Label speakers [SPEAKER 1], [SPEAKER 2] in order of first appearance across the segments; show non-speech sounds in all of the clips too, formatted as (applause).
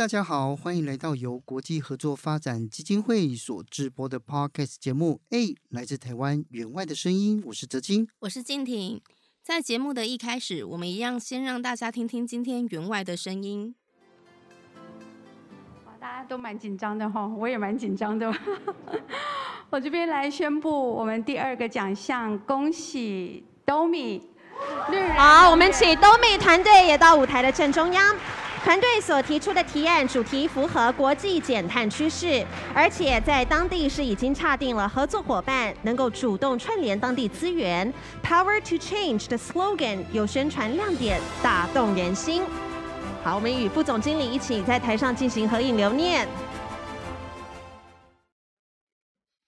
[SPEAKER 1] 大家好，歡迎來到由國際合作發展基金會所製播的 podcast 節目。欸，來自台灣援外的聲音，我是哲青，
[SPEAKER 2] 我是靖婷。在節目的一開始，我們一樣先讓大家聽聽今天援外的聲音。大家都蠻緊張的哈，我也蠻緊張的。 (laughs) 我這邊來宣布我們第二個獎項，恭喜 DOMI。好，人我們請 DOMI 團隊也到舞台的正中央。團隊所提出的提案主題符合國際減碳趨勢，而且在當地是已經洽定了合作夥伴，能夠主動串聯當地資源。Power to Change 的 slogan 有宣傳亮點，打動人心。好，我們與副總經理一起在台上進行合影留念。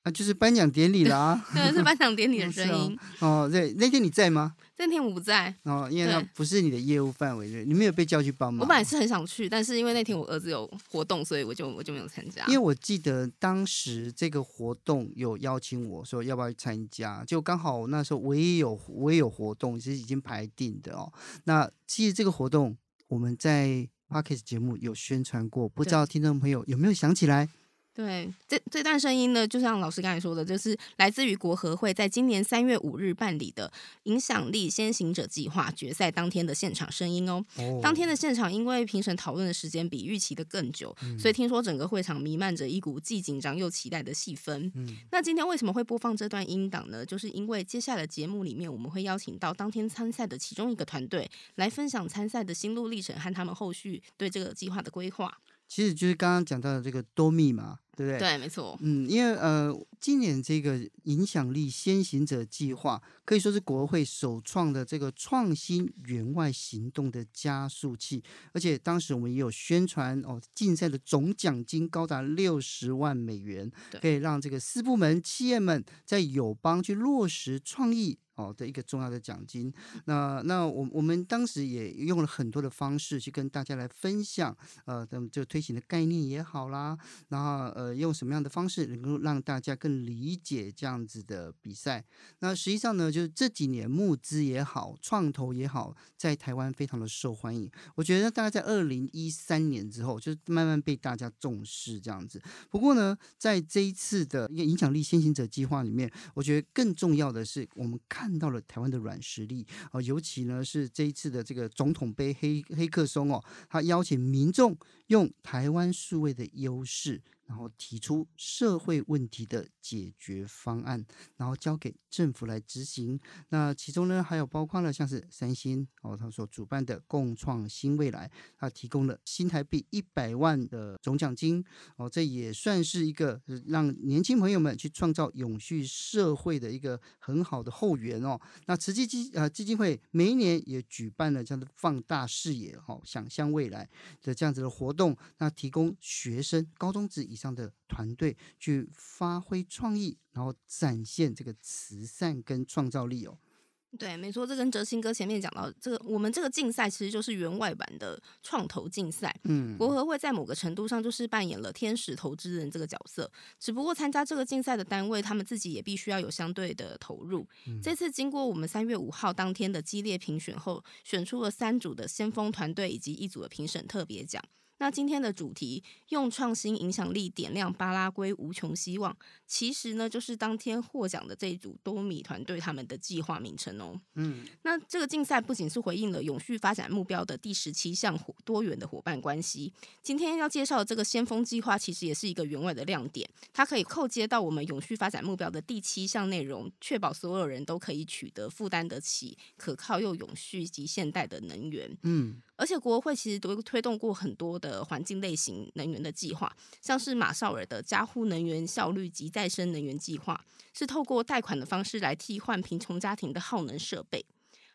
[SPEAKER 1] 啊，就是頒獎典禮啦、啊，對，是頒
[SPEAKER 2] 獎典
[SPEAKER 1] 禮的聲音。哦，對，那天你在嗎？
[SPEAKER 2] 那天我不在。
[SPEAKER 1] 哦，因為那不是你的業務範圍，對，對你沒有被叫去幫忙？我本來
[SPEAKER 2] 是很想去，哦、但是因為那天我兒子有活動，所以我就我就沒有參加。因
[SPEAKER 1] 為我記得當時這個活動有邀請我說要不要去參加，就剛好那時候我也有我也有活動，其實已經排定的哦。那其實這個活動我們在 Podcast 節目有宣傳過，對不知道聽眾朋友有沒有想起來？
[SPEAKER 2] 對，這這段聲音呢，就像老師剛才說的，就是來自於國合會在今年三月五日辦理的“影響力先行者”計劃決賽當天的現場聲音哦。哦，當天的現場，因為評審討論的時間比預期的更久，嗯、所以聽說整個會場彌漫着一股既緊，緊張又期待的氣氛。嗯、那今天為什麼會播放這段音檔呢？就是因為接下來的節目裡面我們會邀請到當天參賽的其中一個團隊來分享參賽的心路歷程和他們後續對這個計劃的規劃。
[SPEAKER 1] 其實就是剛剛講到的這個多密碼。對不對？對，沒錯。嗯，因為呃，今年這個影響力先行者計劃可以說是國合會首創的這個創新援外行動的加速器，而且當時我們也有宣傳哦，競賽的總獎金高達六十萬美元，對可以讓這個私部門企業們在友邦去落實創意。哦的一個重要的獎金，那那我我們當時也用了很多的方式去跟大家來分享，呃，那麼這推行的概念也好啦，然後呃，用什麼樣的方式能夠讓大家更理解這樣子的比賽？那實際上呢，就是這幾年募資也好，創投也好，在台灣非常的受歡迎。我覺得大概在二零一三年之後，就是慢慢被大家重視這樣子。不過呢，在這一次的一個影響力先行者計劃裡面，我覺得更重要的是我們看。看到了台灣的軟實力啊，呃，尤其呢是這一次的這個總統杯黑黑客松哦，他邀請民眾用台灣數位的優勢。然後提出社會問題的解決方案，然後交給政府來執行。那其中呢，還有包括了像是三星哦，他所主辦的“共創新未來”，他提供了新台幣一百萬的總獎金哦，這也算是一個讓年輕朋友們去創造永續社會的一個很好的後援哦。那慈濟基呃基金會每一年也舉辦了這樣的“放大視野，哦，想象未來”的這樣子的活動，那提供學生高中職以上，這樣的團隊去發揮創意，然後展現這個慈善跟創造力哦。
[SPEAKER 2] 對，沒錯，這跟哲青哥前面講到這個，我們這個競賽其實就是援外版的創投競賽。
[SPEAKER 1] 嗯，國合
[SPEAKER 2] 會在某個程度上就是扮演了天使投資人這個角色，只不過參加這個競賽的單位，他們自己也必須要有相對的投入。嗯、這次經過我們三月五號當天的激烈評選後，選出了三組的先鋒團隊以及一組的評審特別獎。那今天的主題用創新影響力點亮巴拉圭無窮希望，其實呢就是當天獲獎的這一組多米團隊他們的計劃名稱哦。嗯，那這個競賽不僅是回應了永續發展目標的第十七項多元的夥伴關係，今天要介紹的這個先鋒計劃其實也是一個額外的亮點，它可以扣接到我們永續發展目標的第七項內容，確保所有人都可以取得負擔得起、可靠又永續及現代的能源。嗯，而且國合會其實都推動過很多的。呃，環境類型能源的計劃，像是馬紹爾的家戶能源效率及再生能源計劃，是透過貸款的方式來替換貧窮家庭的耗能設備。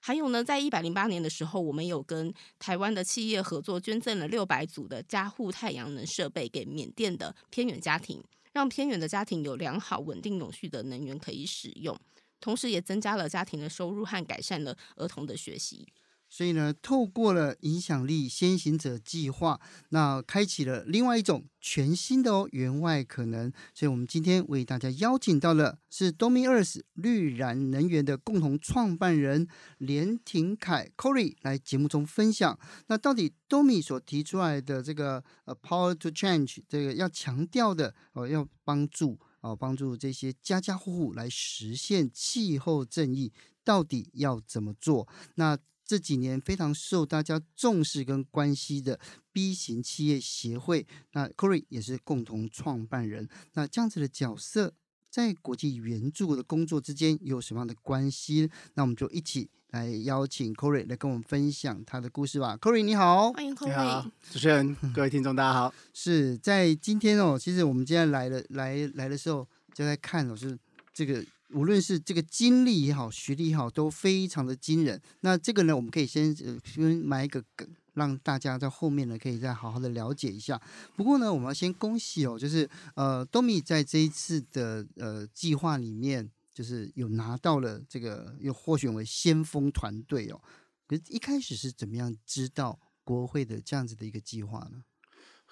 [SPEAKER 2] 還有呢，在一百零八年的時候，我們有跟台灣的企業合作，捐贈了六百組的家戶太陽能設備給緬甸的偏遠家庭，讓偏遠的家庭有良好、穩定、永續的能源可以使用，同時也增加了家庭的收入和改善了兒童的學習。
[SPEAKER 1] 所以呢，透過了影響力先行者計劃，那開啟了另外一種全新的哦援外可能。所以，我們今天為大家邀請到了是 DOMI Earth 綠燃能源的共同創辦人連庭凱 （Corey） 來節目中分享。那到底 DOMI 所提出來的這個呃 Power to Change 這個要強調的哦、呃，要幫助哦、呃、幫助這些家家戶戶來實現氣候正義，到底要怎麼做？那？這幾年非常受大家重視跟關心的 B 型企業協會，那 Corey 也是共同創辦人，那這樣子的角色在國際援助的工作之間又有什麼樣的關係？那我們就一起來邀請 Corey 來跟我們分享他的故事吧。Corey 你好，歡迎 Corey 你好，主持人、嗯、各位聽眾大家好。是在今天哦，其實我們今天來了來來的時候就在看、哦，老是這個。無論是這個經歷也好，學歷也好，都非常的驚人。那這個呢，我們可以先、呃、先埋一個梗，讓大家在後面呢可以再好好的了解一下。不過呢，我們要先恭喜哦，就是呃，多米在這一次的呃計劃裡面，就是有拿到了這個，又獲選為先鋒團隊哦。可是一開始是怎麼樣知道國合會的這樣子的一個計劃呢？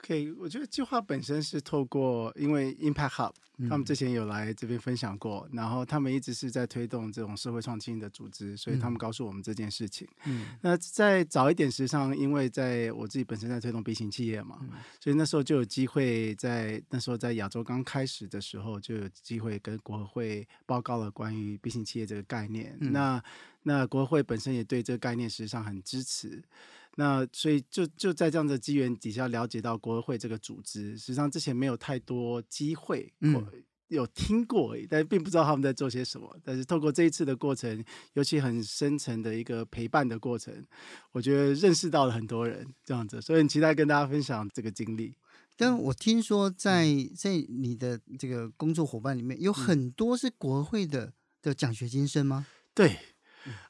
[SPEAKER 3] 可以，okay, 我覺得計劃本身是透過，因為 Impact Hub，他們之前有來這邊分享過，嗯、然後他們一直是在推動這種社會創新的組織，所以他們告訴我們這件事情。嗯，那再早一點實際上，因為在我自己本身在推動 B 型企業嘛，嗯、所以那時候就有機會在，在那時候在亞洲剛開始的時候就有機會跟國合會報告了關於 B 型企業這個概念。嗯、那那國合會本身也對這個概念實際上很支持。那所以就就在這樣的機緣底下了解到國合會這個組織，實際上之前沒有太多機會，嗯、有聽過，但是並不知道他們在做些什麼。但是透過這一次的過程，尤其很深層的一個陪伴的過程，我覺得認識到了很多人，這
[SPEAKER 1] 樣子，所以很期待跟大家分享這個經歷。但我聽說，在在你的這個工作夥伴裡面，有很多是國合會的、嗯、的獎學金生嗎？對。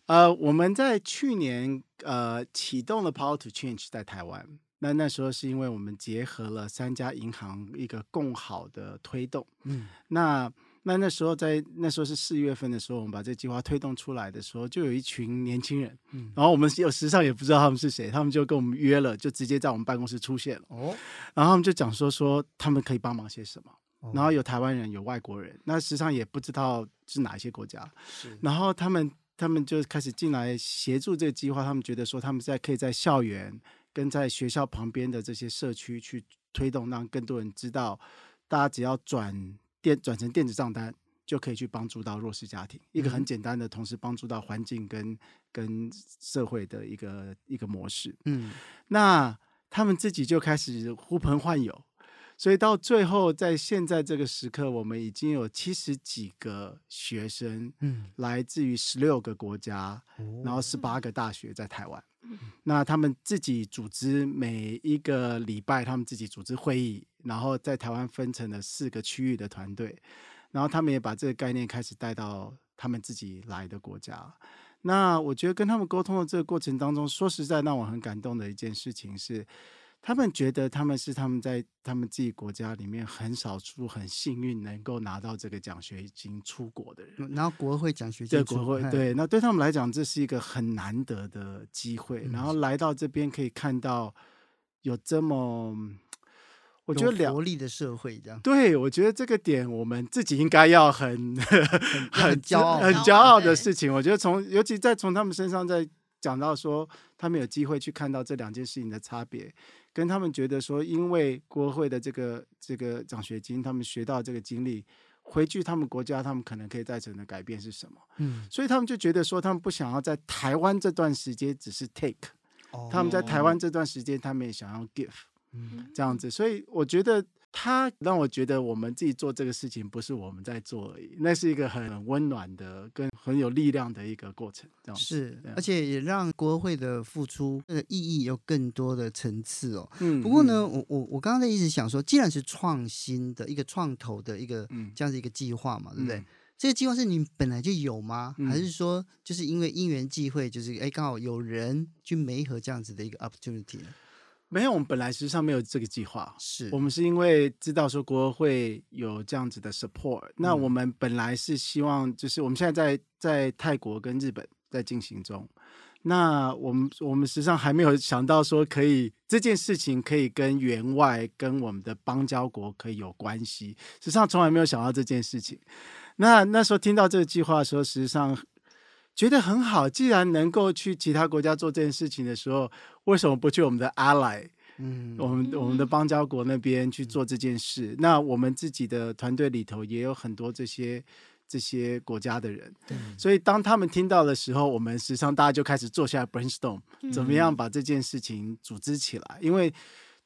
[SPEAKER 3] 呃，我們在去年呃啟動了 Power to Change 在台灣。那那時候是因為我們結合了三家銀行一個共好的推動。嗯，那那那時候在那時候是四月份的時候，我們把這計劃推動出來的時候，就有一群年輕人。嗯，然後我們有實際上也不知道他們是誰，他們就跟我們約了，就直接在我們辦公室出現了。哦，然後他們就講說說他們可以幫忙些什麼。哦、然後有台灣人，有外國人，那實際上也不知道是哪一些國家。是然後他們。他們就開始進來協助這個計劃。他們覺得說，他們在可以在校園跟在學校旁邊的這些社區去推動，讓更多人知道，大家只要轉電轉成電子賬單，就可以去幫助到弱勢家庭。嗯，一個很簡單的，同時幫助到環境跟跟社會的一個一個模式。嗯，那他們自己就開始呼朋喚友。所以到最後，在現在這個時刻，我們已經有七十幾個學生，嗯，來自於十六個國家，
[SPEAKER 1] 然後十
[SPEAKER 3] 八個大學在台灣。嗯、那他們自己組織每一個禮拜，他們自己組織會議，然後在台灣分成了四個區域的團隊，然後他們也把這個概念開始帶到他們自己來的國家。那我覺得跟他們溝通的這個過程當中，說實在讓我很感動的一件事情是。他們覺得他們是他們在他們自己國家裡面很少出很幸運能夠拿到這個獎學金出國的
[SPEAKER 1] 人，然後國合會獎
[SPEAKER 3] 學金對國合會嘿對，那對他們來講這是一個很難得的機會，嗯、然後來到這邊可以看到有這麼
[SPEAKER 1] 我覺得活力的社會這樣，
[SPEAKER 3] 對我覺得這個點我們自己應該要很很驕傲很驕傲的事情，嘿嘿我覺得從尤其在從他們身上在講到說他們有機會去看到這兩件事情的差別。跟他們覺得說，因為國合會的這個這個獎學金，他們學到這個經歷回去他們國家，他們可能可以再怎麼的改變是什麼？嗯，所以他們就覺得說，他們不想要在台灣這段時間只是 take，哦、他們在台灣這段時間，他們也想要 give，嗯，這樣子，所以我覺得。他讓我覺得，我們自己做這個事情不是我們在做而已，那是一個很溫暖的、跟很有力量的一個過程，是，樣而且
[SPEAKER 1] 也讓國合會的付出的、那個、意義有更多的層次哦。嗯，不過呢，我我我剛剛在一直想說，既然是創新的一個創投的一個、嗯、這樣子一個計劃嘛，對不對？嗯、這個計劃是你本來就有嗎？嗯、還是說就是因為因緣際會，就是哎，剛好有人去媒合這樣子的一個 opportunity？
[SPEAKER 3] 沒有，我們本來實際上沒有這個計劃。是我們是因為知道說國合會有這樣子的 support，嗯、那我們本來是希望，就是我們現在在在泰國跟日本在進行中，那我們我們實際上還沒有想到說可以這件事情可以跟援外跟我們的邦交國可以有關係，實際上從來沒有想到這件事情。那那時候聽到這個計劃的時候，實際上。覺得很好。既然，能夠去其他國家做這件事情的時候，為什麼不去我們的 Ally，嗯，我們我們的邦交國那邊去做這件事？嗯、那我們自己的團隊裡頭也有很多這些這些國家的人，嗯、所以當他們聽到的時候，我們實際上大家就開始坐下 brainstorm，怎麼樣把這件事情組織起來？嗯、因為。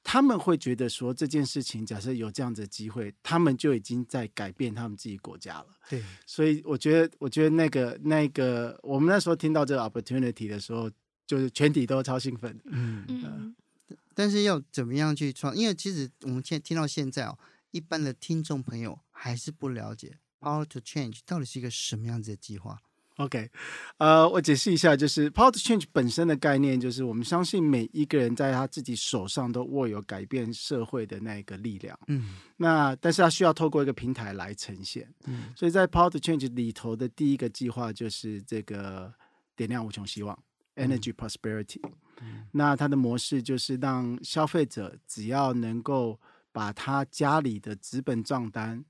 [SPEAKER 3] 他們會覺得說這件事情，假設有這樣子的機會，他們就已經在改變他們自己國家了。對，所以我覺得，我覺得那個那個，我
[SPEAKER 1] 們那時候聽到這個 opportunity 的時候，就是全體都超興奮。嗯嗯。呃，但是要怎麼樣去創？因為其實我們現聽，聽到現在哦，一般的聽眾朋友還是不了解 Power to Change 到底是一個什麼樣子的計劃。OK，呃，
[SPEAKER 3] 我解釋一下，就是 Power Change 本身的概念就是我們相信每一個人在他自己手上都握有改變社會的那一個力量，嗯，那但是他需要透過一個平台來呈現，嗯，所以在 Power Change 裡頭的第一個計劃就是這個點亮無窮希望 Energy Prosperity，嗯，那它的模式就是讓消費者只要能夠把他家裡的紙本賬單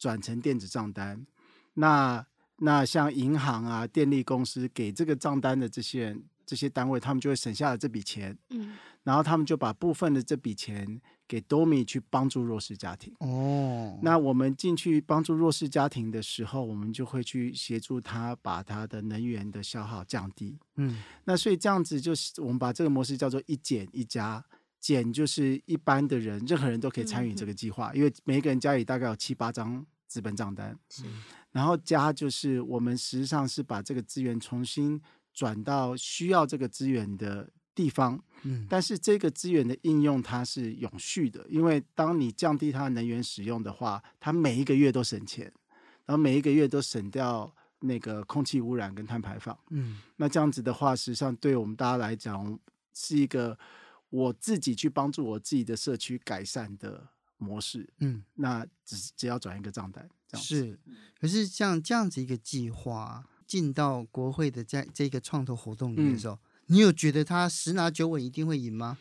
[SPEAKER 3] 轉成電子賬單，那。那像銀行啊、電力公司給這個賬單的這些人、這些單位，他們就會省下了這筆錢。嗯，然後他們就把部分的這筆錢給 DOMI 去幫助弱勢家庭。哦，那我們進去幫助弱勢家庭的時候，我們就會去協助他把他的能源的消耗降低。嗯，那所以這樣子就是我們把這個模式叫做一減一加，減就是一般的人，任何人都可以參與這個計劃，嗯嗯，因為每個人家裡大概有七八張。資本賬單，是然後加就是我們實際上是把這個資源重新轉到需要這個資源的地方，嗯，但是這個資源的應用它是永續的，因為當你降低它能源使用的話，它每一個月都省錢，然後每一個月都省掉那個空氣污染跟碳排放，嗯，那這樣子的話，實際上對我們大家來講，是一個我自己去幫助我自己的社區改善的。模式，嗯，那只只要轉一
[SPEAKER 1] 個賬單，這樣。是，可是像這樣子一個計劃進到國合會的在這個創投活動裡面的時候，嗯、你有覺得他十拿九穩一定會贏嗎？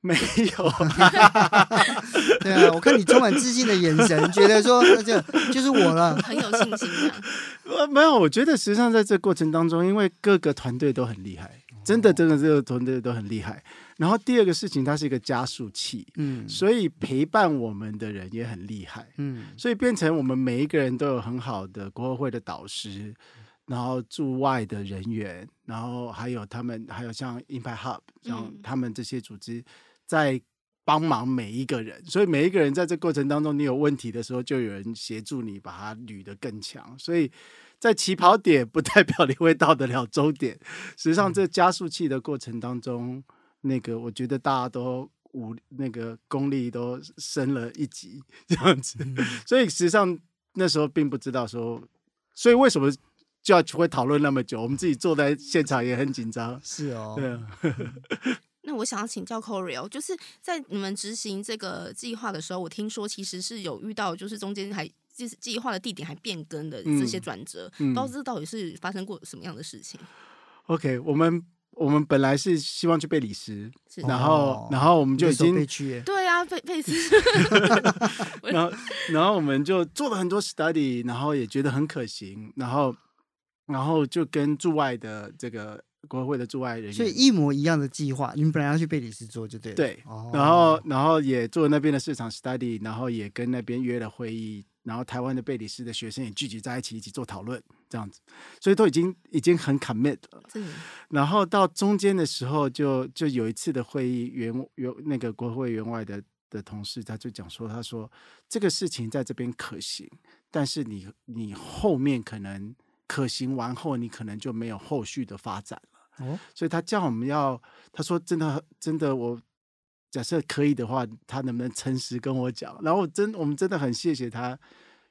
[SPEAKER 1] 沒有、啊。 (laughs) 對啊，我看你充滿自信的眼神， (laughs) 覺得說
[SPEAKER 3] 這就是我了，很有信心 (laughs) 沒有，我覺得實際上在這個過程當中，因為各個團隊都很厲害。真的，真的，這個團隊都很厲害。然後第二個事情，它是一個加速器，嗯，所以陪伴我們的人也很厲害，嗯，所以變成我們每一個人都有很好的國合會的導師，嗯、然後駐外的人員，然後還有他們，還有像 Impact Hub，然後他們這些組織在幫忙每一個人。嗯、所以每一個人在這過程當中，你有問題的時候，就有人協助你把它捋得更強。所以。在起跑點不代表你會到得了終點。實際上，這加速器的過程當中，嗯、那個我覺得大家都五，那個功力都升了一級這樣子。嗯、所以實際上那時候並不知道說，所以為什麼 judge 會討論那麼久？我們自己坐在現場也很緊張。是哦，
[SPEAKER 2] 對啊、嗯。那我想要請教 Corey 就是在你們執行這個計劃的時候，我聽說其實是有遇到，就是中間還。計計劃的地點還變更的這些轉折，嗯嗯、不知道這到底是發生過什麼樣的事情。
[SPEAKER 3] OK，我們我們本來是希望去貝里斯，是然後、哦、然後我們就已經、欸、
[SPEAKER 2] 對啊貝貝里斯，
[SPEAKER 3] 然後然後我們就做了很多 study，然後也覺得很可行，然後然後就跟駐外的這個國合會的駐外人員，所以一
[SPEAKER 1] 模一樣的計劃，你們本來要去貝里斯做，就對了對，哦、然
[SPEAKER 3] 後然後也做那邊的市場 study，然後也跟那邊約了會議。然後台灣的貝里斯的學生也聚集在一起，一起做討論，這樣子，所以都已經已經很 commit 了。是然後到中間的時候就，就就有一次的會議，員員那個國合會援外的的同事，他就講說，他說這個事情在這邊可行，但是你你後面可能可行完後，你可能就沒有後續的發展了。嗯、所以他叫我們要，他說真的真的我。假設可以的話，他能不能誠實跟我講？然後真我們真的很謝謝他，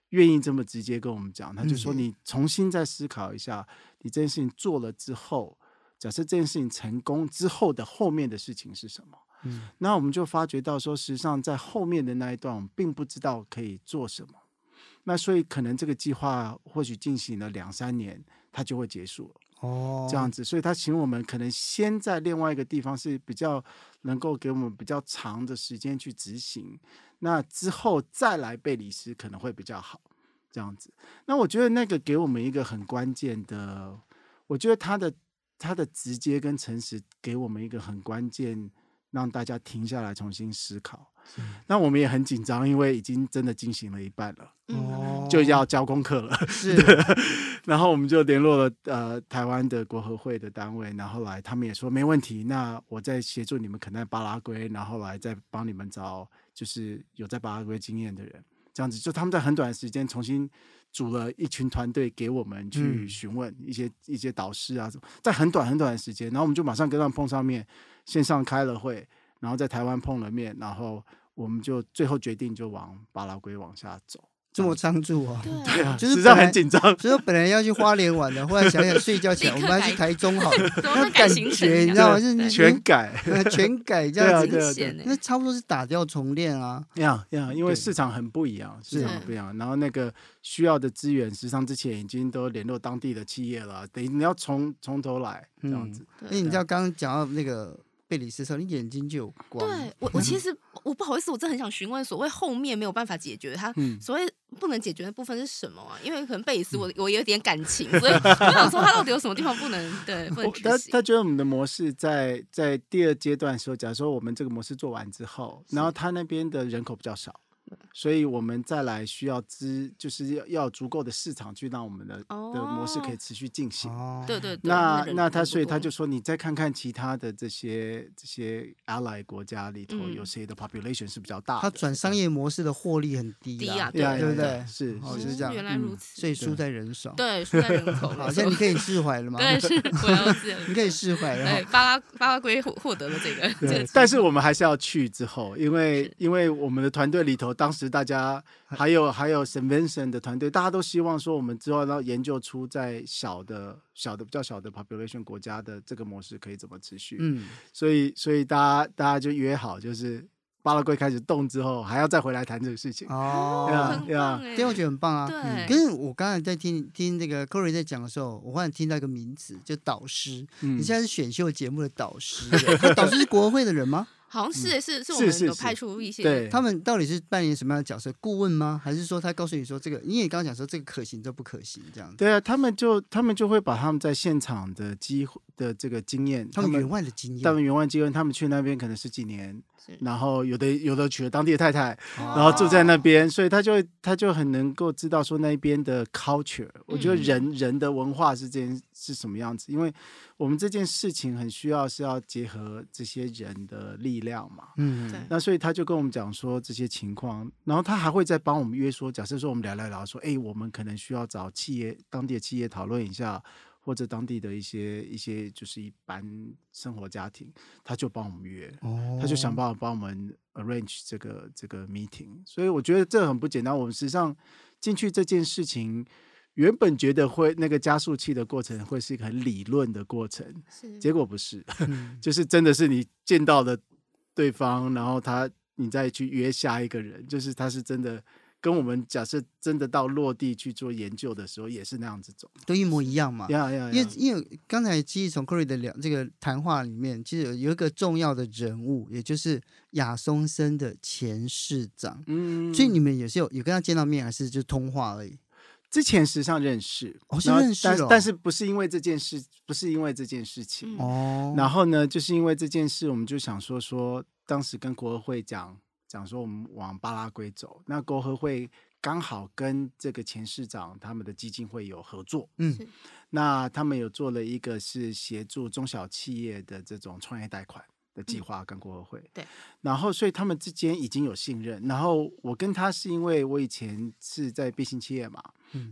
[SPEAKER 3] 願意這麼直接跟我們講。他就說：“你重新再思考一下，你這件事情做了之後，假設這件事情成功之後的後面的事情是什麼？”嗯，那我們就發覺到說，實際上在後面的那一段，我們並不知道可以做什麼。那所以可能這個計劃或許進行了兩三年，它就會結束了。哦，這樣子，所以他請我們可能先在另外一個地方，是比較能夠給我們比較長的時間去執行，那之後再來貝里斯可能會比較好，這樣子。那我覺得那個給我們一個很關鍵的，我覺得他的他的直接跟誠實給我們一個很關鍵。讓大家停下來重新思考，是那我們也很緊張，因為已經真的進行了一半了，嗯、就要交功課了。是， (laughs) 然後我們就聯絡了呃台灣的國合會的單位，然後來他們也說沒問題，那我再協助你們可能在巴拉圭，然後來再幫你們找就是有在巴拉圭經驗的人，這樣子就他們在很短時間重新。組了一群團隊給我們去詢問一些、嗯、一些導師啊，在很短很短的時間，然後我們就馬上跟他們碰上面，線上開了會，然後在台灣碰了面，然後我們就最後決定就往巴拉圭往下走。
[SPEAKER 1] 這麼倉促啊！對啊，就是這樣很緊張，所以本來要去花蓮玩的，後來想想睡覺起來我們還是台中好。那改你知道嗎？是全改，全改這樣子。那差不多是打掉重練啊。那樣，樣，因為市場很不一樣，市場不一樣。然後那
[SPEAKER 3] 個需要的資源，實際上之前已經都聯絡當地的企業了，等於你要從從
[SPEAKER 1] 頭來這樣子。那你知道剛剛講到那個貝里斯說你眼睛就有光。對
[SPEAKER 2] 我，我其實。我不好意思，我真的很想詢問，所謂後面沒有辦法解決它，他、嗯、所謂不能解決的部分是什麼啊？因為可能貝斯，我我有點感情，嗯、 (laughs) 所以我想說他到底有什麼地方不能？對，或者他
[SPEAKER 3] 他覺得我們的模式在在第二階段的時候，假如說我們這個模式做完之後，是然後他那邊的人口比較少，所以我們再來需要資，就是要要足夠的市場去讓我們的的模式可以持續進行。對對對，那那他所以他就說，你再看看其他的這些這些 ally 國家裡頭有誰的 population 是比較大？
[SPEAKER 1] 他轉商業模式的獲利很低，低啊，對對對，是是這樣，原來如此，所以輸在人手，對，輸在人口。好像你可以釋懷了嗎？對，是我要釋，你可以釋懷了。巴拉
[SPEAKER 2] 巴拉圭獲得了這個，
[SPEAKER 1] 但是我們還
[SPEAKER 3] 是要去之後，因為因為我們的團隊裡頭。當時大家還有還有聖文森的團隊，大家都希望說我們之後要研究出在小的、小的、比較小的 population 國家的這個模式可以怎麼持續。嗯，所以所以大家大家就約好，就
[SPEAKER 1] 是巴拉圭開始動之後，還要再回來談這個事情。哦，很棒哎、欸，這我覺得很棒啊對、嗯。可是我剛才在聽聽那個 Corey 在講的時候，我忽然聽到一個名詞，就導師。嗯、你現在是選秀節目的導師是是，他導師是國會的人嗎？ (laughs)
[SPEAKER 2] 好像是、嗯、是是我們有派出一些，對他
[SPEAKER 1] 們到底是扮演什麼樣的角色？顧問嗎？還是說他告訴你說這個？你也剛剛講說這個可行，這不可行這樣子？
[SPEAKER 3] 對啊，他們就他們就會把他們在現場的機會的這個經驗，他們援外的經驗，他們援外經驗，他們去那邊可能十幾年，是然後有的有的娶了當地的太太，哦、然後住在那邊，所以他就他就很能夠知道說那邊的 culture、嗯、我覺得人人的文化是這樣是什麼樣子，因為。我們這件事情很需要是要結合這些人的力量嘛，
[SPEAKER 1] 嗯，對。
[SPEAKER 3] 那所以他就跟我們講說這些情況，然後他還會再幫我們約說，假設說我們聊聊聊，說，哎，我們可能需要找企業、當地的企業討論一下，或者當地的一些一些就是一般生活家庭，他就幫我們約，哦，他就想辦法幫我們 arrange 這個這個 meeting。所以我覺得這很不簡單。我們實際上進去這件事情。原本覺得會那個加速器的過程會是一個很理論的過程，是結果不是，嗯，就是真的是你見到的對方，然後他你再去約下一個人，就是他是真的跟我們假設真的到落地去做研究的時候也是那樣子走，
[SPEAKER 1] 走都一模一樣嘛，yeah, yeah, yeah. 因為因為剛才記憶從 Corey 的兩這個談話裡面，其實有一個重要的人物，也就是亞松森的前市長，嗯，所以你們也是有有跟他見到面，還是就通話而已？之前實際上認識，哦，認識、哦、但，但是
[SPEAKER 3] 不是因為這件事，不是因為這件事情、嗯、哦。然後呢，就是因為這件事，我們就想說說，當時跟國合會講講說，我們往巴拉圭走。那國合會剛好跟這個前市長他們的基金會有合作，嗯，那他們有做了一個是協助中小企業的這種創業貸款的計劃，嗯、跟國合會對。然後，所以他們之間已經有信任。然後我跟他是因為我以前是在 B 型企業嘛。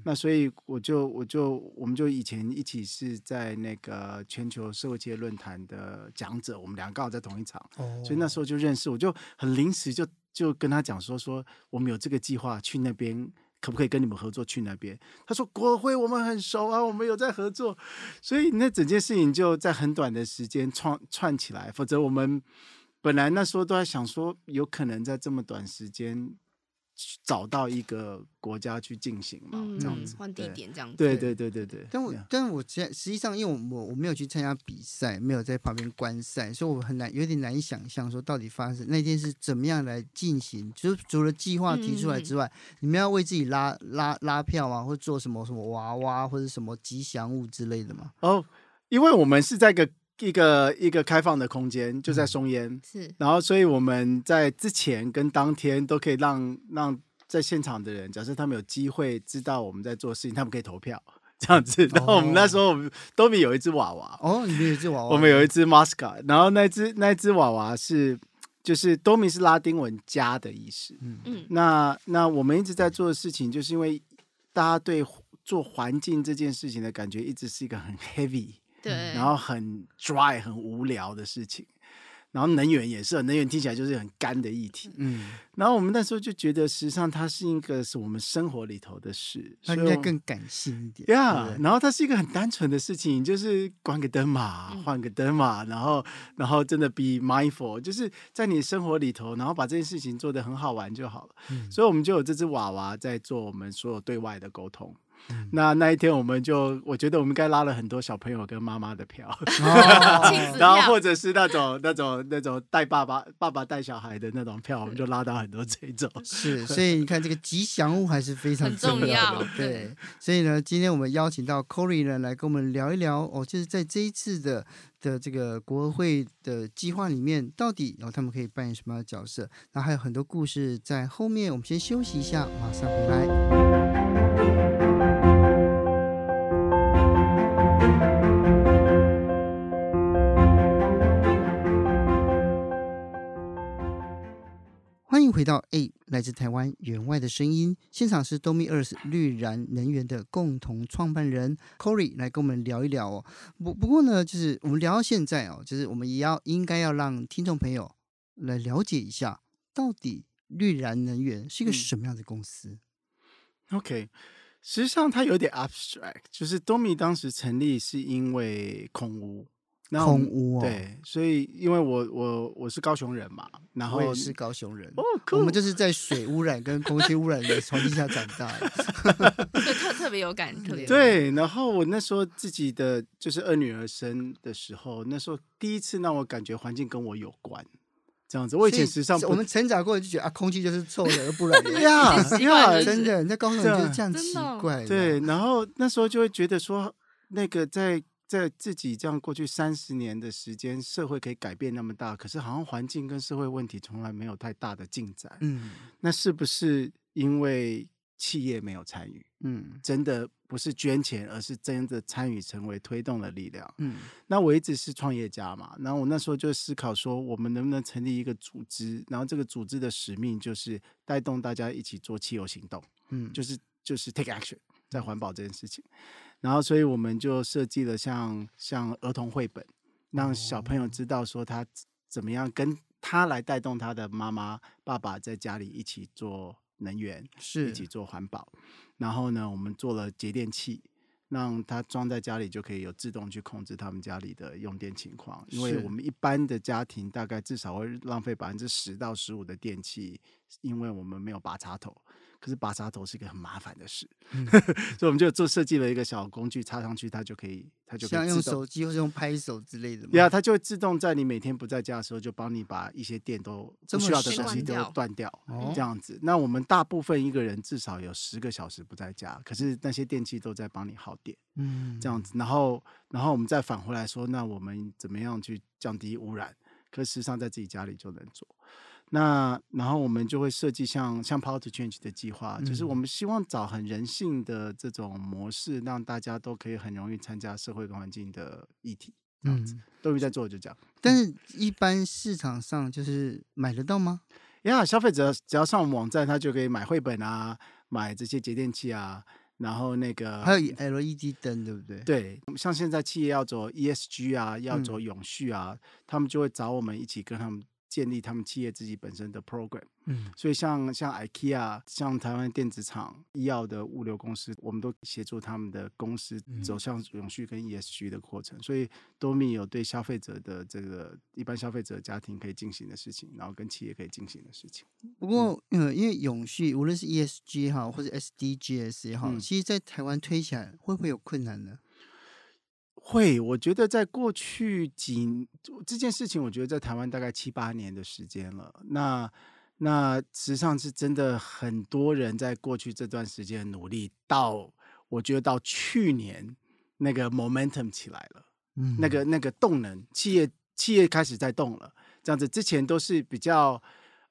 [SPEAKER 3] 那所以我就我就我們就以前一起是在那個全球社會企業論壇的講者，我們兩個剛好在同一場，哦哦，所以那時候就認識，我就很臨時就就跟他講說說我們有這個計劃去那邊，可不可以跟你們合作去那邊？他說國合會，我們很熟啊，我們有在合作，所以那整件事情就在很短的時間串串起來，否則我們本來那時候都在想說有可能在這麼短時間。找到一個國家去
[SPEAKER 1] 進行嘛，嗯、這樣子
[SPEAKER 2] 換地點這樣子。對，對
[SPEAKER 1] 對對對對。但我 Yeah. 但我實實際上，因為我我沒有去參加比賽，沒有在旁邊觀賽，所以我很難有點難以想象說到底發生那天是怎麼樣來進行。就是除了計劃提出來之外，嗯嗯嗯，你們要為自己拉拉拉票啊，或做什麼什麼娃娃或者什麼吉祥物之類的嘛？哦，oh, 因
[SPEAKER 3] 為我們是在一個。一個一個開放的空間，就在松菸，嗯、是，然後所以我們在之前跟當天都可以讓讓在現場的人，假設他們有機會知道我們在做事情，他們可以投票這樣子。然後我們那時候我們，哦、多米有一隻娃娃
[SPEAKER 1] 哦，你有一隻娃娃，我們有一
[SPEAKER 3] 隻 mascot，然後那隻那隻娃娃是就是多米是拉丁文家的意思，嗯嗯，那那我們一直在做的事情，就是因為大家對做環境這件事情的感覺一直是一個很 heavy。對，然後很 dry 很無聊的事情，然後能源也是，能源聽起來就是很乾的議題。嗯，然後我們那時候就覺得，實際上它是一個是我們生活裡頭的事，所以應該更感性一點。呀，嗯、對對，然後它是一個很單純的事情，就是關個燈嘛，換個燈嘛，然後然後真的 be mindful，就是在你生活裡頭，然後把這件事情做得很好玩就好了。嗯，所以我們就有這隻娃娃在做我們所有對外的溝通。嗯、那那一天，我們就我覺得我們該拉了很多小朋友跟媽媽的票， (laughs) 然後或者是那種那種那種帶爸爸爸爸帶小孩的那種票，對我們就拉到很多這一種。
[SPEAKER 1] 是，所以你看這個吉祥物還是非常重要的。要對,對，所以呢，今天我們邀請到 Corey 呢來跟我們聊一聊哦，就是在這一次的的這個國合會的計劃裡面，到底然後、哦、他們可以扮演什麼樣的角色？那還有很多故事在後面。我們先休息一下，馬上回來。歡迎回到誒，來自台灣援外的聲音。現場是 Domi Earth 綠然能源的共同創辦人 Corey 來跟我們聊一聊哦。不不過呢，就是我們聊到現在哦，就是我們也要應該要讓聽眾朋友來了解一下，到底綠然能源是一個什麼樣的公司。嗯、OK，
[SPEAKER 3] 實際上它有點 abstract，就是多米當時成立是因為空屋。空污。啊，對，所以因為我我我是高雄人嘛，然後我也是高雄人，我們就是在水污染跟空氣污染的環境下長大
[SPEAKER 2] 的，對，特特別有感，對。
[SPEAKER 3] 然後我那時候自己的就是二女兒生的時候，那時候第一次讓我感覺環境跟我有關，這樣子。我以前時常我們成長過就覺得啊，空氣就是臭的而不藍的呀，真的在高雄人就這樣奇怪。對，然後那時候就會覺得說，那個在在自己這樣過去三十年的時間，社會可以改變那麼大，可是好像環境跟社會問題從來沒有太大的進展。嗯，那是不是因為企業沒有參與？嗯，真的不是捐錢，而是真的參與成為推動的力量。嗯，那我一直是創業家嘛，然後我那時候就思考說，我們能不能成立一個組織，然後這個組織的使命就是帶動大家一起做氣候行動。嗯，就是就是 take action。在環保這件事情，然後所以我們就設計了像像兒童繪本，讓小朋友知道說他怎麼樣跟他來帶動他的媽媽爸爸在家裡一起做能源，是一起做環保。然後呢，我們做了節電器，讓他裝在家裡就可以有自動去控制他們家裡的用電情況。因為我們一般的家庭大概至少會浪費百分之十到十五的電器，因為我們沒有拔插頭。可是拔插頭是一個很麻煩的事，嗯、 (laughs) 所以我們就做設計了一個小工具，插上去它就可以，它就。像用手機或是
[SPEAKER 1] 用拍手之類的嗎？對啊，它
[SPEAKER 3] 就會自動在你每天不在家的時候，就幫你把一些電都不需要的東西都斷掉，這、掉這樣子。哦、那我們大部分一個人至少有十個小時不在家，可是那些電器都在幫你耗電，嗯，這樣子。然後，然後我們再返回來說，那我們怎麼樣去降低污染？可事實上在自己家裡就能做。那然後我們就會設計像像 power to change 的計劃，嗯、就是我們希望找很人性的這種模式，讓大家都可以很容易參加社會跟環境的議題，這樣子。豆皮、嗯、在做就講，
[SPEAKER 1] 但是一般市場上就是買得到
[SPEAKER 3] 嗎？呀、嗯，yeah, 消費者只要，只要上網站，他就可以買繪本啊，買這些節電器啊，然後那個還
[SPEAKER 1] 有 LED 燈，對不對？對，
[SPEAKER 3] 像現在企業要走 ESG 啊，要走永續啊，嗯、他們就會找我們一起跟他們。建立他們企業自己本身的 program，嗯，所以像像 IKEA，像台灣電子廠、醫藥的物流公司，我們都協助他們的公司走向永續跟 ESG 的過程。嗯，所以多米有對消費者的這個一般消費者家庭可以進行的事情，然後跟企業可以進行的事情。
[SPEAKER 1] 嗯，不過，呃，因為永續無論是 ESG 也好，或是 SDGs 也好，其實在台灣推起來會不會有困難呢？會，我覺得在
[SPEAKER 3] 過去幾這件事情，我覺得在台灣大概七八年的時間了。那那實際上是真的，很多人在過去這段時間努力到，到我覺得到去年那個 momentum 起來
[SPEAKER 1] 了，
[SPEAKER 3] 嗯哼，那個那個動能，企業企業開始在動了。這樣子，之前都是比較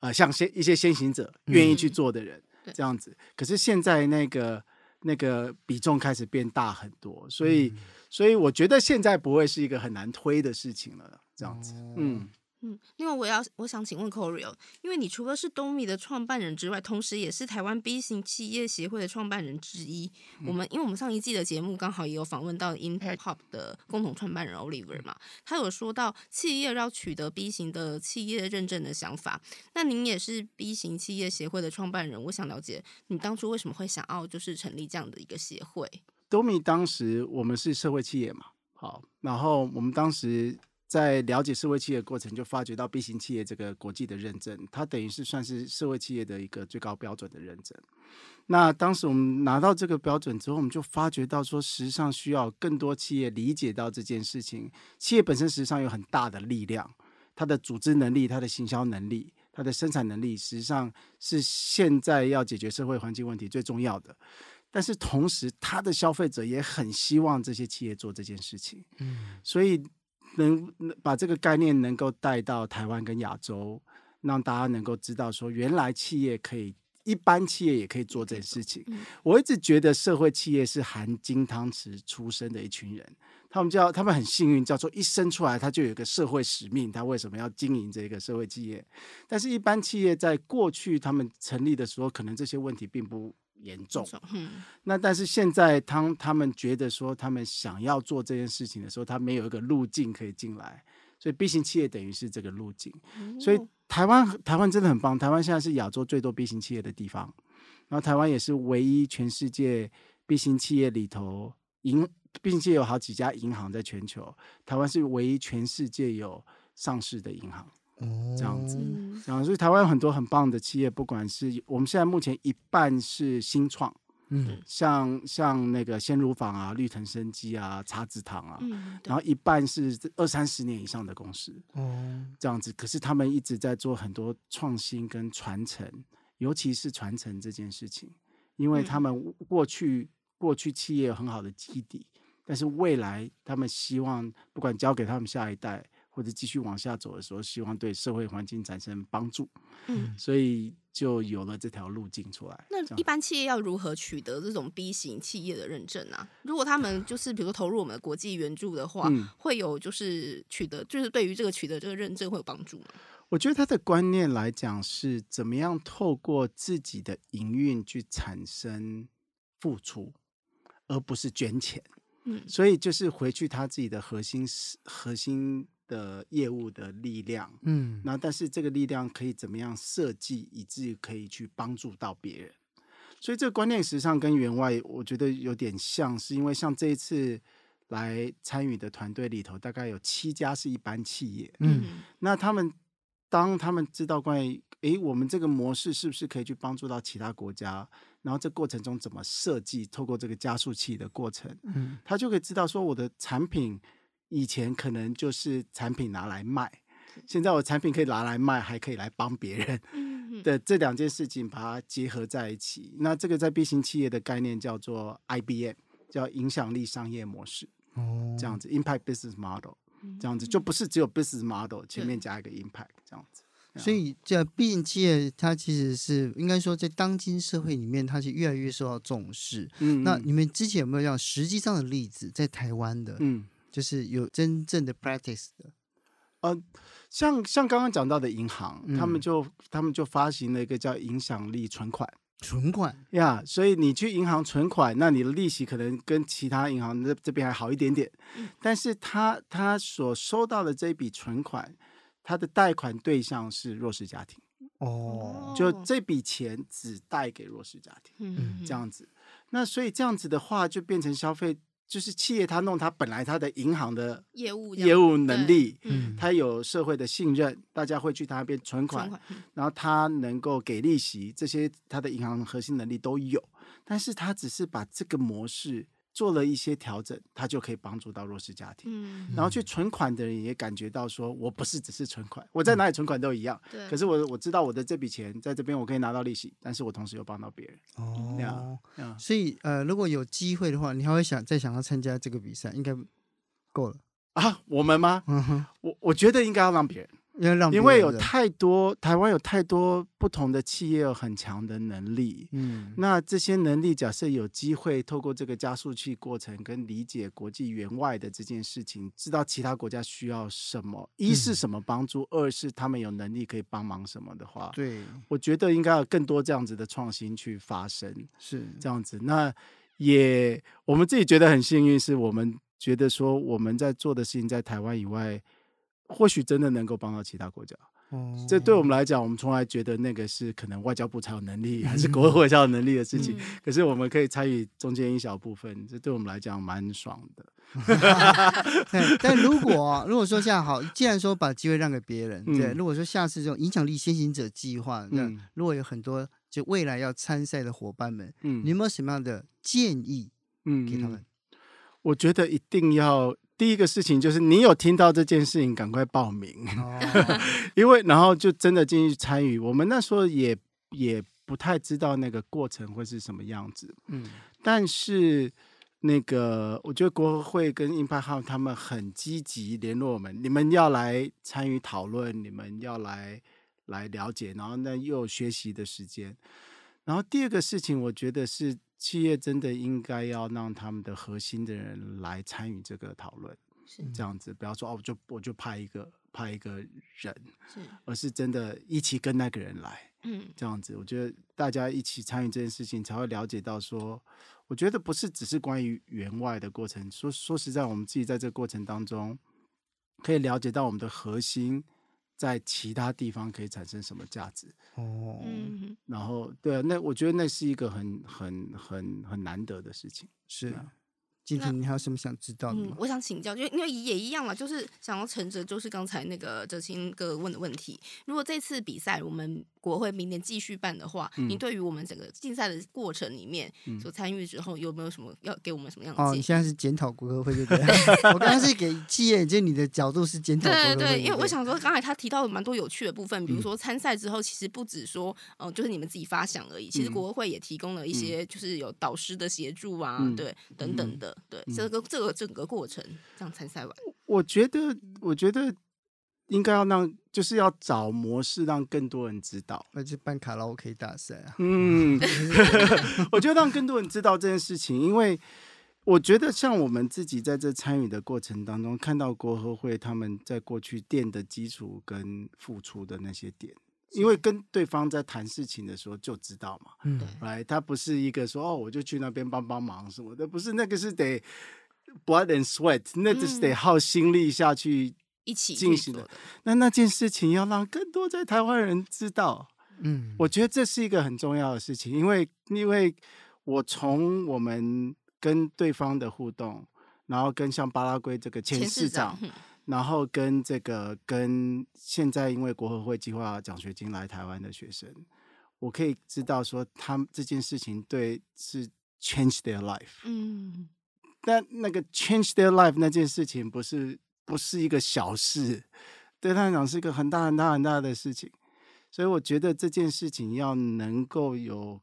[SPEAKER 3] 呃，像先一些先行者願意去做的人，嗯、這樣子。可是現在那個。那個比重開始變大很多，所以，嗯、所以我覺得現在不會是一個很難推的事情了，這樣子，嗯。嗯。
[SPEAKER 2] 嗯，另外我也，我要我想請問 Corey 因為你除了是 Domi 的創辦人之外，同時也是台灣 B 型企業協會的創辦人之一。我們、嗯、因為我們上一季的節目剛好也有訪問到 Impact Pop 的共同創辦人 Oliver 嘛，他有說到企業要取得 B 型的企業認證的想法。那您也是 B 型企業協會的創辦人，我想了解你當初為什麼會想要就是成立這樣的一個協會
[SPEAKER 3] ？Domi 當時我們是社會企業嘛，好，然後我們當時。在了解社會企業過程，就發覺到 B 型企業這個國際的認證，它等於是算是社會企業的一個最高標準的認證。那當時我們拿到這個標準之後，我們就發覺到說，實際上需要更多企業理解到這件事情。企業本身實際上有很大的力量，它的組織能力、它的行銷能力、它的生產能力，實際上是現在要解決社會環境問題最重要的。但是同時，它的消費者也很希望這些企業做這件事情。嗯，所以。能把這個概念能夠帶到台灣跟亞洲，讓大家能夠知道說，原來企業可以，一般企業也可以做這件事情。嗯、我一直覺得社會企業是含金湯匙出生的一群人，他們叫他們很幸運，叫做一生出來他就有一個社會使命，他為什麼要經營這個社會企業？但是，一般企業在過去他們成立的時候，可能這些問題並不嚴重，那但是現在，當他們覺得說他們想要做這件事情的時候，他沒有一個路徑可以進來，所以 B 型企業等於是這個路徑，所以台灣台灣真的很棒，台灣現在是亞洲最多 B 型企業的地方，然後台灣也是唯一全世界 B 型企業裡頭銀，並且有好幾家銀行在全球，台灣是唯一全世界有上市的銀行。這樣子，然後所以台灣有很多很棒的企業，不管是我們現在目前一半是新創，嗯，像像那個鮮乳坊啊、綠藤生機啊、茶籽堂啊，嗯、然後一半是二三十年以上的公司，哦、嗯，這樣子。可是他們一直在做很多創新跟傳承，尤其是傳承這件事情，因為他們過去、嗯、過去企業有很好的基底，但是未來他們希望不管交給他們下一代。或者繼續往下走的時候，希望對社會環境產生幫助，嗯，所以就有了這條路徑出來。
[SPEAKER 2] 那一般企業要如何取得這種 B 型企業的認證啊？如果他們就是比如投入我們的國際援助的話，嗯、會有就是取得，就是對於這個取得這個認證會有幫助嗎？
[SPEAKER 3] 我覺得他的觀念來講是怎麼樣透過自己的營運去產生付出，而不是捐錢，嗯，所以就是回去他自己的核心是核心。的業務的力量，嗯，那但是這個力量可以怎麼樣設計，以至於可以去幫助到別人？所以這個觀念實際上跟援外，我覺得有點像，是因為像這一次來參與的團隊裡頭，大概有七家是一般企業，嗯，嗯，那他們當他們知道關於誒，我們這個模式是不是可以去幫助到其他國家？然後這過程中怎麼設計，透過這個加速器的過程，嗯，他就可以知道說我的產品。以前可能就是產品拿來賣，現在我產品可以拿來賣，還可以來幫別人的，這兩件事情把它結合在一起。那這個在 B 型企業的概念叫做 IBM，叫影響力商業模式，
[SPEAKER 1] 這樣子
[SPEAKER 3] Impact Business Model，這樣子就不是只有 Business Model 前面加一個 Impact 這樣子。
[SPEAKER 1] 所以這 B 型企業它其實是應該說，在當今社會裡面它是越來越受到重視。嗯，那你們之前有沒有講實際上的例子在台灣的？嗯。就是有真正的 practice 的，嗯、呃，像像剛剛講到的銀行，嗯、他們就
[SPEAKER 3] 他們就發行了一個叫影響力存款，
[SPEAKER 1] 存款
[SPEAKER 3] 呀，yeah, 所以你去銀行存款，那你的利息可能跟其他銀行那這，這邊還好一點點，嗯、但是他他所收到的這一筆存款，他的貸款對象是弱勢家庭，哦，就這筆錢只貸給弱勢家
[SPEAKER 2] 庭，嗯，這樣
[SPEAKER 3] 子，那所以這樣子的話，就變成消費。就是企業，他弄他本來他的銀行的業務業務能力，嗯，他有社會的信任，大家會去他那邊存款，存款嗯，然後他能夠給利息，這些他的銀行核心能力都有，但是他只是把這個模式。做了一些調整，他就可以幫助到弱勢家庭。嗯、然後去存款的人也感覺到說，我不是只是存款，我在哪裡存款都一樣。嗯、對，可是我我知道我的這筆錢在這邊我可以拿到利息，但是我同時又幫到別人。哦，那
[SPEAKER 1] 樣、yeah, yeah 所以呃，如果有機會的話，你還會想再想要參加這個比賽？應該夠了。啊，
[SPEAKER 3] 我們嗎？嗯哼，我我覺得應該要讓別人。
[SPEAKER 1] 因為有太多台灣有太
[SPEAKER 3] 多不同的企業有很強的能力，嗯，那這些能力假設有機會透過這個加速器過程跟理解國際援外的這件事情，知道其他國家需要什麼，一是什麼幫助，嗯、二是他們有能力可以幫忙什麼的話，對，我覺得應該要更多這樣子的創新去發生，是這樣子。那也我們自己覺得很幸運，是我們覺得說我們在做的事情在台灣以外，或許真的能夠幫到其他國家。哦，這對我們來講，我們從來覺得那個是可能外交部才有能力，還是國合會才有能力的事情。可是我們可以參與
[SPEAKER 1] 中間一小部分，這對我們來講蠻爽的。
[SPEAKER 3] 但如
[SPEAKER 1] 果、哦、如果說這樣好，既然說把機會讓給別人，對，如果說下次這種影響力先行者計劃，那如果有很多就未來要參賽的夥伴們，嗯，你有沒有什麼樣的建議？嗯，給他們。 (laughs) 我覺得一定要。第一個事情就是你有
[SPEAKER 3] 聽到這件事情，趕快報名， (laughs) 因為然後就真的進去參與。我們那時候也也不太知道那個過程會是什麼樣子，嗯，但是那個我覺得國會跟英 m p 他們很積極聯絡我們，你們要來參與討論，你們要來來了解，然後呢又有學習的時間。然後第二個事情，我覺得是。企業真的應該要讓他們的核心的人來參與這個討論，是這樣子，不要說哦，我就我就派一個派一個人，是而是真的一起跟那個人來，嗯，這樣子，我覺得大家一起參與這件事情，才會了解到說，我覺得不是只是關於援外的過程，說說實在，我們自己在這個過程當中，可以了解到我們的核心，在其他地方可以產生什麼價值？
[SPEAKER 1] 哦，嗯、
[SPEAKER 3] 然後對啊，那我覺得那是一個很很很很難得的事情，是。嗯靖婷，你還有什麼想知道的嗎？嗯、我
[SPEAKER 2] 想請教，就因為也一樣嘛，就是想要乘著就是剛才那個哲青哥問的問題，如果這次比賽我們國合會明年繼續辦的話，嗯、你對於我們整個競賽的過程裡面所參與之後，有沒有什麼要給我們什麼樣的？哦，你現在
[SPEAKER 1] 是檢討國合會對不對？ (laughs) 我剛剛是給企業，就你的角度是檢討對，對對，因為我想
[SPEAKER 2] 說，剛才他提到了蠻多有趣的部分，比如說參賽之後，其實不只說嗯、呃，就是你們自己發想而已，其實國合會也提供了一些，就是有導師的協助啊，嗯、對等等的。對、嗯、這個這個整、這個過程這樣參賽完，我，
[SPEAKER 3] 我覺得我覺得應該要讓就是要找模式，讓更多人知
[SPEAKER 1] 道，那就辦卡拉 OK 大賽啊。
[SPEAKER 3] 嗯， (laughs) (laughs) (laughs) 我覺得讓更多人知道這件事情，因為我覺得像我們自己在這參與的過程當中，看到國合會他們在過去墊的基礎跟付出的那些點。因為跟對方在談事情的時候就知道嘛，來、嗯，right, 他不是一個說哦，我就去那邊幫幫忙什麼的，不是那個是得 blood and sweat，嗯、那就是得耗心力下去
[SPEAKER 2] 一起進行
[SPEAKER 3] 的。嗯、那那件事情要讓更多在台灣人知道，嗯，我覺得這是一個很重要的事情，因為因為我從我們跟對方的互動，然後跟像巴拉圭這個前市長。然後跟這個跟現在因為國合會計劃獎學金來台灣的學生，我可以知道說，他們這件事情對是 change their life。
[SPEAKER 2] 嗯，
[SPEAKER 3] 但那個 change their life 那件事情不是不是一個小事，嗯、對他來講是一個很大很大很大的事情。所以我覺得這件事情要能夠有，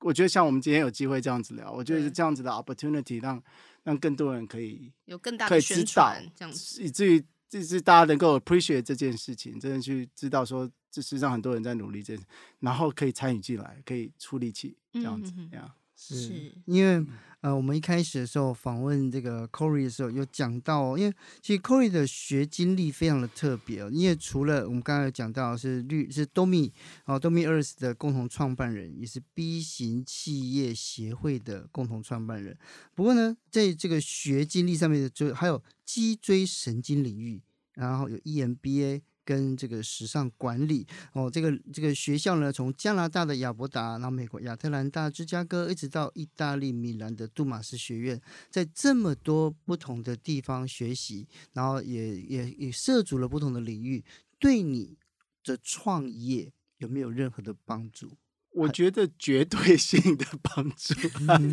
[SPEAKER 3] 我覺得像我們今天有機會這樣子聊，我覺得是這樣子的 opportunity 讓。讓更多人可以
[SPEAKER 2] 有更大的宣傳，這樣子以，以
[SPEAKER 3] 至於，就是大家能夠 appreciate 這件事情，真的去知道說，這世上很多人在努力，這
[SPEAKER 1] 件事，然後可以參與進來，可以出力氣，這樣
[SPEAKER 3] 子，嗯、哼哼這樣。是、
[SPEAKER 1] 嗯、因為呃，我們一開始的時候訪問這個 Corey 的時候，有講到，因為其實 Corey 的學經歷非常的特別，因為除了我們剛才講到是綠是 DOMI 啊 DOMI Earth 的共同創辦人，也是 B 型企業協會的共同創辦人，不過呢，在這個學經歷上面的就還有脊椎神經領域，然後有 EMBA，跟這個時尚管理哦，這個這個學校呢，從加拿大的亞伯達，然後美國亞特蘭大、芝加哥，一直到意大利米蘭的杜馬斯學院，在這麼多不同的地方學習，然後也也也涉足了不同的領域，對你的創業有沒有任何的幫助？
[SPEAKER 3] 我覺得絕對性
[SPEAKER 1] 的幫助、 (laughs) 嗯，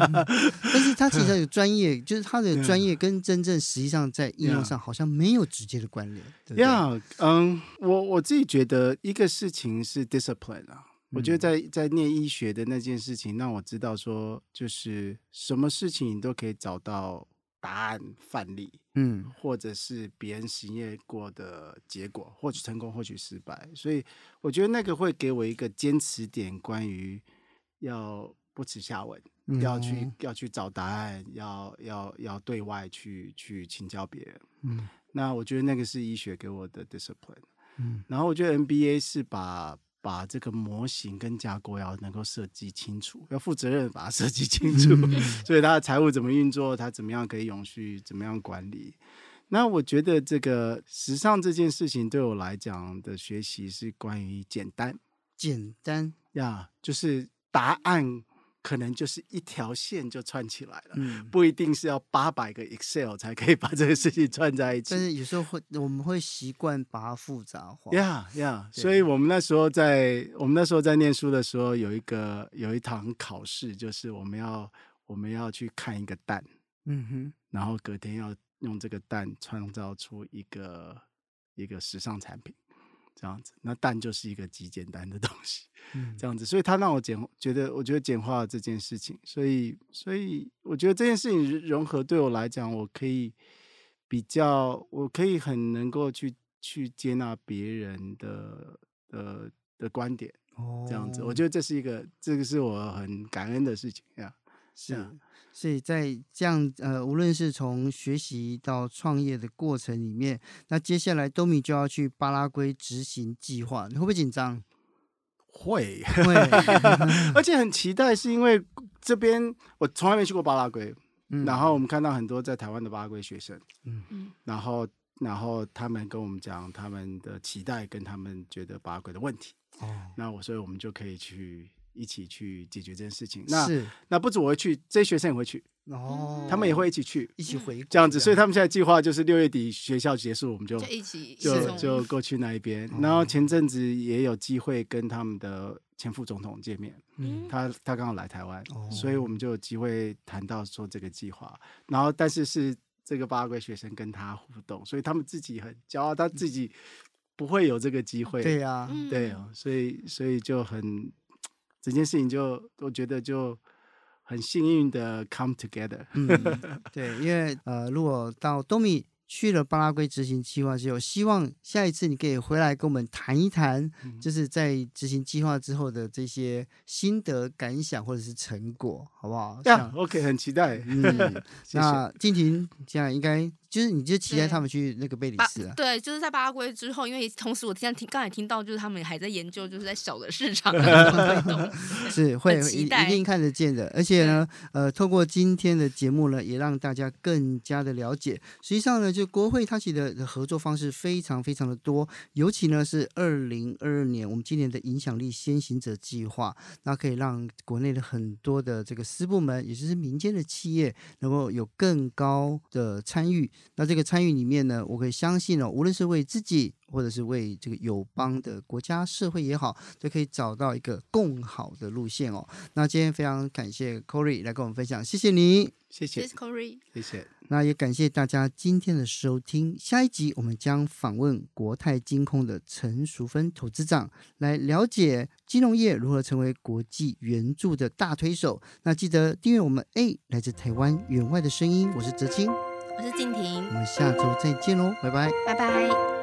[SPEAKER 1] 但是他其實有專業， (laughs) 就是他的專業跟真正實際上在應用上好像沒有直接的關聯。y
[SPEAKER 3] Yeah .嗯，yeah. um, 我我自己覺得一個事情是 discipline 啊，嗯、我覺得在在念醫學的那件事情讓我知道說，就是什麼事情你都可以找到。答案範例，嗯，或者是別人實驗過的結果，或許成功，或許失敗，所以我覺得那個會給我一個堅持點，關於要不恥下問，嗯、要去要去找答案，要要要對外去去請教別人，嗯，那我覺得那個是醫學給我的 discipline，嗯，然後我覺得 MBA 是把。把這個模型跟架構要能夠設計清楚，要負責任把它設計清楚。 (laughs) 所以他的財務怎麼運作，他怎麼樣可以永續，怎麼樣管理？那我覺得這個時尚這件事情對我來講的學習是關於簡單，簡單呀，yeah, 就是答案。可能就是一條線就串起
[SPEAKER 1] 來了，嗯，不一定是要八百個 Excel 才可以把這
[SPEAKER 3] 個事情串在一起。但
[SPEAKER 1] 是有時候會，我們會習慣把它複雜化。呀呀，Yeah, yeah,，對啊，所
[SPEAKER 3] 以我們那時候在我們那時候在念書的時候，有一個有一堂考試，就是我們要我們要去看一個蛋，嗯哼，然後隔天要用這個蛋創造出一個一個時尚產品。這樣子，那蛋就是一個極簡單的東西，嗯、這樣子，所以他讓我簡覺得，我覺得簡化了這件事情，所以，所以我覺得這件事情融合對我來講，我可以比較，我可以很能夠去去接納別人的的、呃、的觀點，哦、這樣子，我覺得這是一個這個是我很感恩的事情呀，是啊。嗯
[SPEAKER 1] 所以在這樣呃，無論是從學習到創業的過程裡面，那接下來 DOMI 就要去巴拉圭執行計劃，你會不會緊張？
[SPEAKER 3] 會，會， (laughs) (laughs) 而且很期待，是因為這邊我從來沒去過巴拉圭，嗯，然後我們看到很多在台灣的巴拉圭學生，嗯然後然後他們跟我們講他們的期待跟他們覺得巴拉圭的問題，嗯、那我所以我們就可以去。一起去解決這件事情。那那不止我會去，這些學生也會去。
[SPEAKER 1] 哦，他們也會一起去，一起回這樣子。所以他
[SPEAKER 3] 們現在計劃就是六月底學校結束，我們就就就過去那一邊。然後前陣子也有機會跟他們的前副總統見面，他他剛好來台灣，所以我們就有機會談到說這個計劃。然後但是是這個巴拉圭學生跟他互動，所以他們自己很驕傲，他自己不會有這個機會。對啊，對，所以所以就很。這件事情就我覺得就很幸運的 come together。 (laughs) 嗯，
[SPEAKER 1] 對，因為呃，如果到多米去了巴拉圭執行計劃之後，希望下一次你可以回來跟我們談一談，就是在執行計劃之後的這些心得、感想或者是成果，好不好？這樣。Yeah,
[SPEAKER 3] OK，很期待。
[SPEAKER 1] 嗯， (laughs) 謝謝。那靖婷現在應該。就是你就期待他們去那個貝里斯啊，對？
[SPEAKER 2] 對，就是在巴拉圭之後，因為同時我現在聽剛才聽到，就是他們還在研究，就是在小的市場。 (laughs) (laughs) 是會一
[SPEAKER 1] 定看得見的，而且呢，對呃，透過今天的節目呢，也讓大家更加的了解，實際上呢，就是、國合會他其實的合作方式非常非常的多，尤其呢是二零二二年我們今年的影響力先行者計劃，那可以讓國內的很多的這個私部門，也就是民間的企業，能夠有更高的參與。那這個參與裡面呢，我可以相信哦，無論是為自己，或者是為這個友邦的國家社會也好，都可以找到一個更好的路線哦。那今天非常感謝 Corey 來跟我們分享，謝謝你，謝謝
[SPEAKER 2] Corey 謝謝。謝謝。
[SPEAKER 1] 那也感謝大家今天的收聽，下一集我們將訪問國泰金控的陳淑芬投資長，來了解金融業如何成為國際援助的大推手。那記得訂閱我們 A 來自台灣援外的聲音，我是哲青。我是靖婷，我們下周再見嘍，拜拜，拜拜。